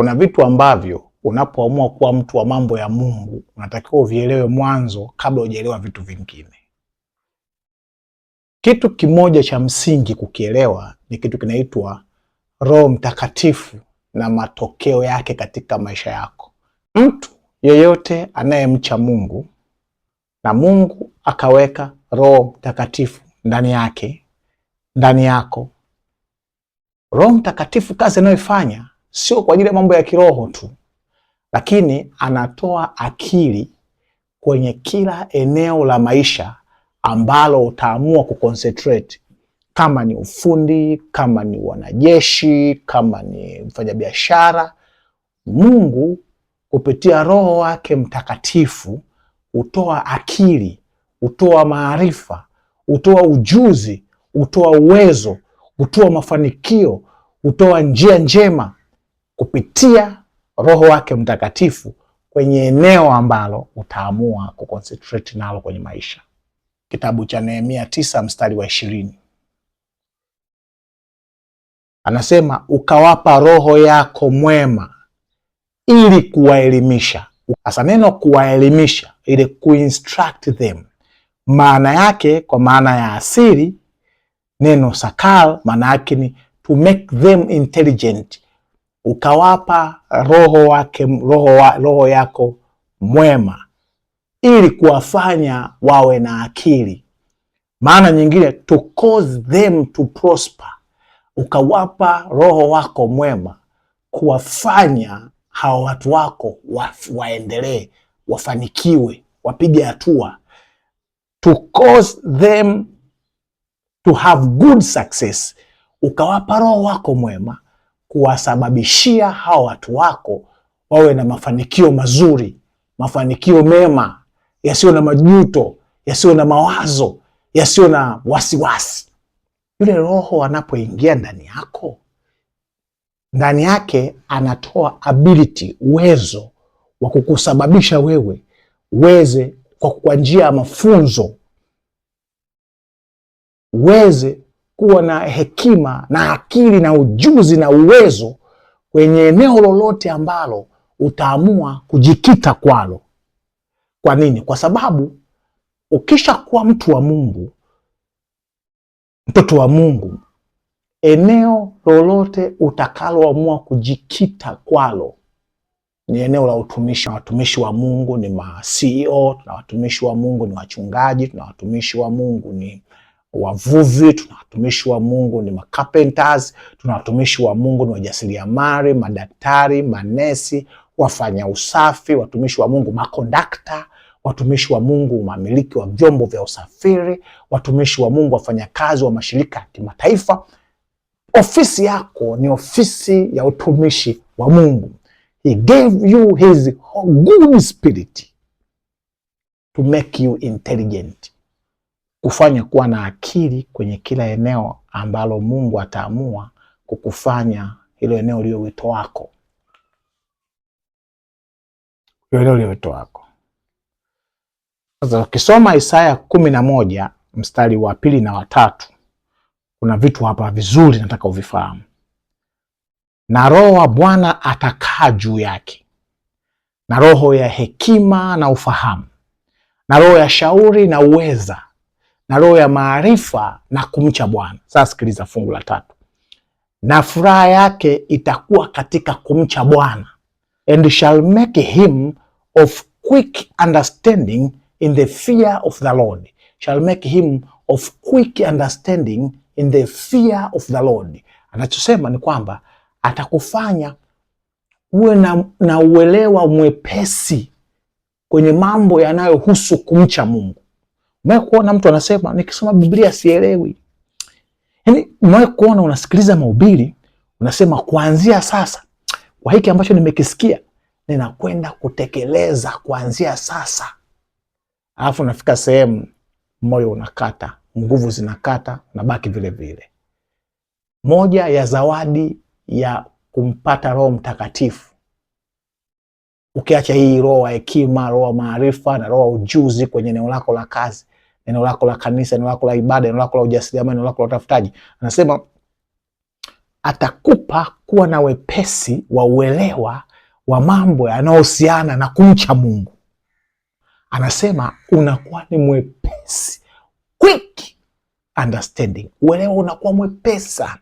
Kuna vitu ambavyo unapoamua kuwa mtu wa mambo ya Mungu unatakiwa uvielewe mwanzo kabla hujaelewa vitu vingine. Kitu kimoja cha msingi kukielewa ni kitu kinaitwa Roho Mtakatifu na matokeo yake katika maisha yako. Mtu yeyote anayemcha Mungu na Mungu akaweka Roho Mtakatifu ndani yake, ndani yako, Roho Mtakatifu kazi anayoifanya sio kwa ajili ya mambo ya kiroho tu, lakini anatoa akili kwenye kila eneo la maisha ambalo utaamua kuconcentrate, kama ni ufundi, kama ni wanajeshi, kama ni mfanyabiashara. Mungu kupitia Roho wake Mtakatifu hutoa akili, hutoa maarifa, hutoa ujuzi, hutoa uwezo, hutoa mafanikio, hutoa njia njema kupitia Roho wake Mtakatifu kwenye eneo ambalo utaamua kuconcentrate nalo kwenye maisha. Kitabu cha Nehemia tisa mstari wa ishirini anasema ukawapa roho yako mwema ili kuwaelimisha. asa neno kuwaelimisha, ile kuinstruct them, maana yake kwa maana ya asili neno sakal, maana yake ni to make them intelligent ukawapa roho wake roho, wa, roho yako mwema ili kuwafanya wawe na akili. Maana nyingine to cause them to prosper, ukawapa roho wako mwema kuwafanya hawa watu wako wa, waendelee wafanikiwe wapige hatua. To cause them to have good success, ukawapa roho wako mwema kuwasababishia hawa watu wako wawe na mafanikio mazuri, mafanikio mema, yasiyo na majuto, yasiyo na mawazo, yasiyo na wasiwasi. Yule Roho anapoingia ndani yako, ndani yake anatoa ability, uwezo wa kukusababisha wewe uweze kwa njia ya mafunzo uweze kuwa na hekima na akili na ujuzi na uwezo kwenye eneo lolote ambalo utaamua kujikita kwalo. Kwa nini? Kwa sababu ukishakuwa mtu wa Mungu, mtoto wa Mungu, eneo lolote utakaloamua kujikita kwalo ni eneo la utumishi. Na watumishi wa Mungu ni ma CEO, tuna watumishi wa Mungu ni wachungaji, tuna watumishi wa Mungu ni wavuvi, tuna watumishi wa Mungu ni carpenters, tuna watumishi wa Mungu ni wajasiriamali, madaktari, manesi, wafanya usafi, watumishi wa Mungu makondakta watumishi wa Mungu mamiliki wa vyombo vya usafiri, watumishi wa Mungu wafanyakazi wa mashirika ya kimataifa. Ofisi yako ni ofisi ya utumishi wa Mungu. He gave you his good spirit to make you intelligent kufanya kuwa na akili kwenye kila eneo ambalo Mungu ataamua kukufanya hilo eneo lio wito wako, hilo eneo lio wito wako. Sasa ukisoma Isaya kumi na moja mstari wa pili na watatu kuna vitu hapa vizuri nataka uvifahamu. Na Roho wa Bwana atakaa juu yake, na roho ya hekima na ufahamu, na roho ya shauri na uweza na roho ya maarifa na kumcha Bwana. Sasa sikiliza fungu la tatu, na furaha yake itakuwa katika kumcha Bwana, and shall make him of quick understanding in the fear of the Lord, shall make him of quick understanding in the fear of the Lord. Anachosema ni kwamba atakufanya uwe na, na uelewa mwepesi kwenye mambo yanayohusu kumcha Mungu. Mwae kuona mtu anasema nikisoma Biblia sielewi. Yaani mwae kuona unasikiliza mahubiri unasema kuanzia sasa kwa hiki ambacho nimekisikia ninakwenda kutekeleza kuanzia sasa. Alafu nafika sehemu moyo unakata, nguvu zinakata, nabaki vile vile. Moja ya zawadi ya kumpata Roho Mtakatifu, ukiacha hii roho ya hekima, roho ya maarifa na roho ya ujuzi kwenye eneo lako la kazi, eneo lako la kanisa, eneo lako la ibada, eneo lako la ujasiriamali, eneo lako la utafutaji. Anasema atakupa kuwa na wepesi wa uelewa wa mambo yanayohusiana na kumcha Mungu. Anasema unakuwa ni mwepesi, quick understanding, uelewa unakuwa mwepesi sana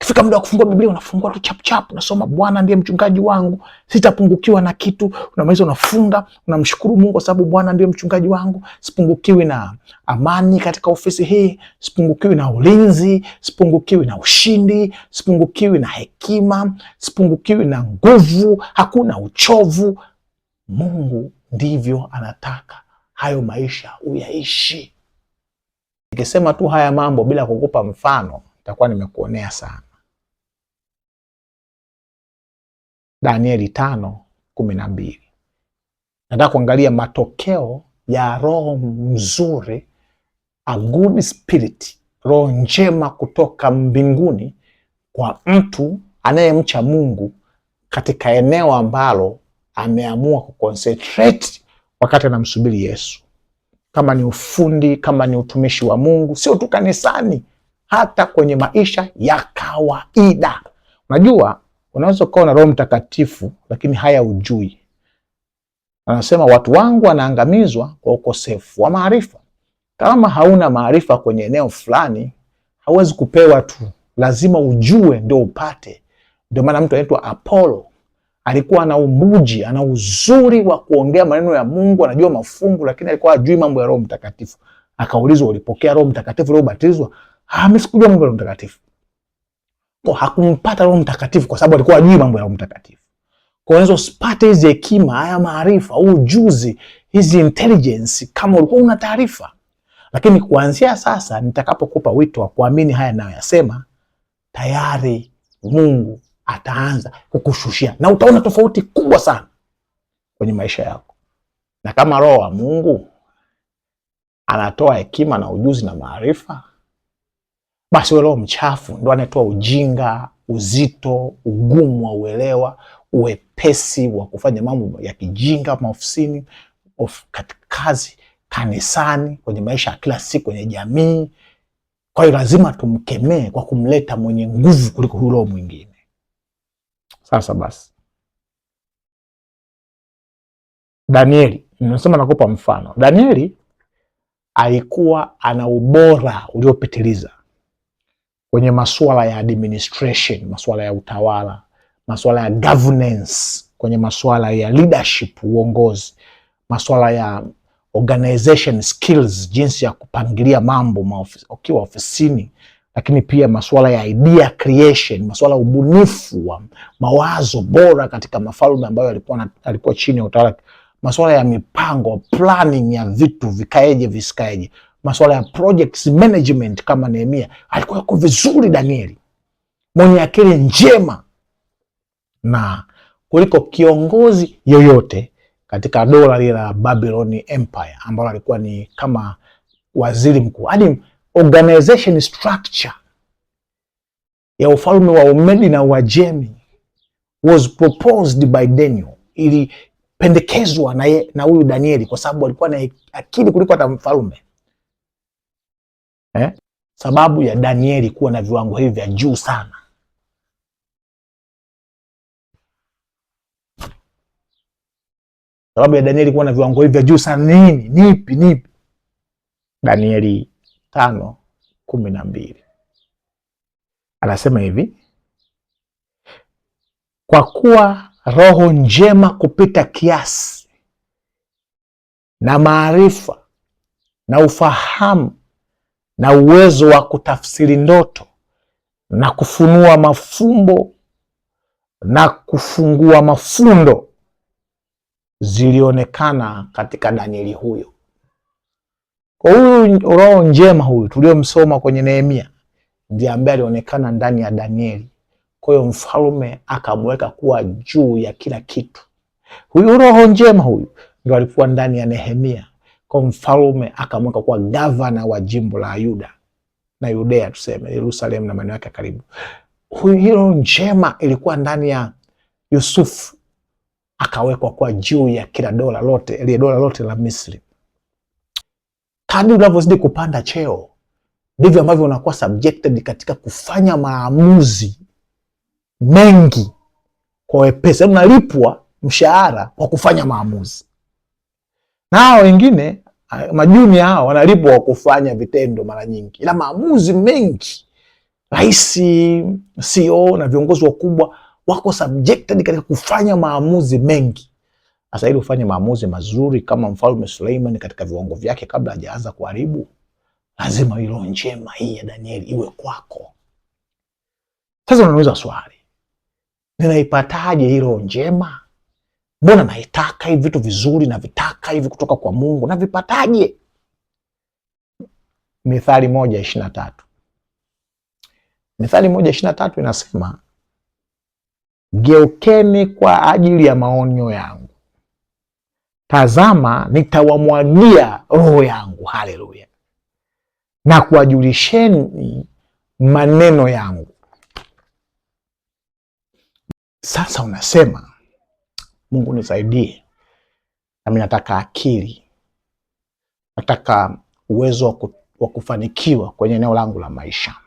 Kifika muda wa kufungua Biblia unafungua tu chap chap, unasoma Bwana ndiye mchungaji wangu, sitapungukiwa na kitu. Unamaliza unafunga, unamshukuru Mungu kwa sababu Bwana ndiye mchungaji wangu, sipungukiwi na amani katika ofisi hii, sipungukiwi na ulinzi, sipungukiwi na ushindi, sipungukiwi na hekima, sipungukiwi na nguvu, hakuna uchovu. Mungu ndivyo anataka hayo maisha uyaishi. Nikisema tu haya mambo bila kukupa mfano, nitakuwa nimekuonea sana. Danieli tano kumi na mbili. Nataka kuangalia matokeo ya roho mzuri, a good spirit, roho njema kutoka mbinguni kwa mtu anayemcha Mungu katika eneo ambalo ameamua kuconcentrate wakati anamsubiri Yesu, kama ni ufundi, kama ni utumishi wa Mungu, sio tu kanisani, hata kwenye maisha ya kawaida. Unajua Unaweza ukawa na Roho Mtakatifu lakini haya ujui. Anasema watu wangu wanaangamizwa kwa ukosefu wa maarifa. Kama hauna maarifa kwenye eneo fulani, hauwezi kupewa tu, lazima ujue ndio upate. Ndio maana mtu anaitwa Apollo alikuwa ana umuji, ana uzuri wa kuongea maneno ya Mungu, anajua mafungu, lakini alikuwa ajui mambo ya Roho Mtakatifu. Akaulizwa, ulipokea Roho Mtakatifu uliobatizwa? Ah, mimi sikujua mambo ya Roho Mtakatifu hakumpata Roho Mtakatifu kwa sababu alikuwa ajui mambo ya Roho Mtakatifu. Kwa hiyo usipate hizi hekima, haya maarifa, ujuzi, hizi intelligence kama ulikuwa una taarifa. Lakini kuanzia sasa nitakapokupa wito wa kuamini haya ninayoyasema, tayari Mungu ataanza kukushushia na utaona tofauti kubwa sana kwenye maisha yako. Na kama Roho wa Mungu anatoa hekima na ujuzi na maarifa basi uelewa mchafu ndo anayetoa ujinga, uzito, ugumu wa uelewa, uwepesi wa kufanya mambo ya kijinga maofisini, of kazi, kanisani, kwenye maisha ya kila siku, kwenye jamii. Kwa hiyo lazima tumkemee kwa kumleta mwenye nguvu kuliko huyo mwingine. Sasa basi, Danieli, nimesema nakupa mfano. Danieli alikuwa ana ubora uliopitiliza kwenye masuala ya administration, masuala ya utawala, masuala ya governance, kwenye masuala ya leadership, uongozi, masuala ya organization skills, jinsi ya kupangilia mambo ukiwa ofisini, lakini pia masuala ya idea creation, masuala ya ubunifu wa mawazo bora katika mafalme ambayo yalikuwa yalikuwa chini ya utawala, masuala ya mipango planning ya vitu vikaeje visikaeje masuala ya projects management kama Nehemia, alikuwa yuko vizuri Danieli, mwenye akili njema na kuliko kiongozi yoyote katika dola lile la Babylon Empire ambalo alikuwa ni kama waziri mkuu, hadi organization structure ya ufalme wa Umedi na Uajemi was proposed by Daniel, ilipendekezwa na huyu Danieli kwa sababu alikuwa na akili kuliko hata mfalme eh? Sababu ya Danieli kuwa na viwango hivi vya juu sana sababu ya Danieli kuwa na viwango hivi vya juu sana nini? Nipi nipi? Danieli tano kumi na mbili anasema hivi, kwa kuwa roho njema kupita kiasi na maarifa na ufahamu na uwezo wa kutafsiri ndoto na kufunua mafumbo na kufungua mafundo zilionekana katika Danieli huyo. Kwa huyu roho njema huyu tuliyomsoma kwenye Nehemia ndiye ambaye alionekana ndani ya Danieli. Kwa hiyo mfalme akamweka kuwa juu ya kila kitu. Huyu roho njema huyu ndo alikuwa ndani ya Nehemia kwa mfalume akamweka kuwa gavana wa jimbo la Yuda na Yudea, tuseme Yerusalemu na maeneo yake ya karibu. Hilo njema ilikuwa ndani ya Yusufu, akawekwa kuwa juu ya kila dola lote, ile dola lote la Misri. Kadri unavyozidi kupanda cheo, ndivyo ambavyo unakuwa subjected katika kufanya maamuzi mengi kwa wepesi, yaani unalipwa mshahara kwa kufanya maamuzi na hao wengine majuni hao wanalipwa kwa kufanya vitendo mara nyingi, ila maamuzi mengi rais, CEO na viongozi wakubwa wako subjected katika kufanya maamuzi mengi. Sasa ili ufanye maamuzi mazuri kama mfalme Suleiman katika viwango vyake kabla hajaanza kuharibu, lazima ilo njema hii ya Danieli iwe kwako. Sasa unauliza swali, ninaipataje hilo njema? Mbona naitaka hivi vitu vizuri na vitaka hivi kutoka kwa Mungu na vipataje? Mithali moja ishirini na tatu Mithali moja ishirini na tatu inasema geukeni kwa ajili ya maonyo yangu, tazama nitawamwagia roho yangu. Haleluya! na kuwajulisheni maneno yangu. Sasa unasema Mungu nisaidie, nami nataka akili, nataka uwezo wa kufanikiwa kwenye eneo langu la maisha.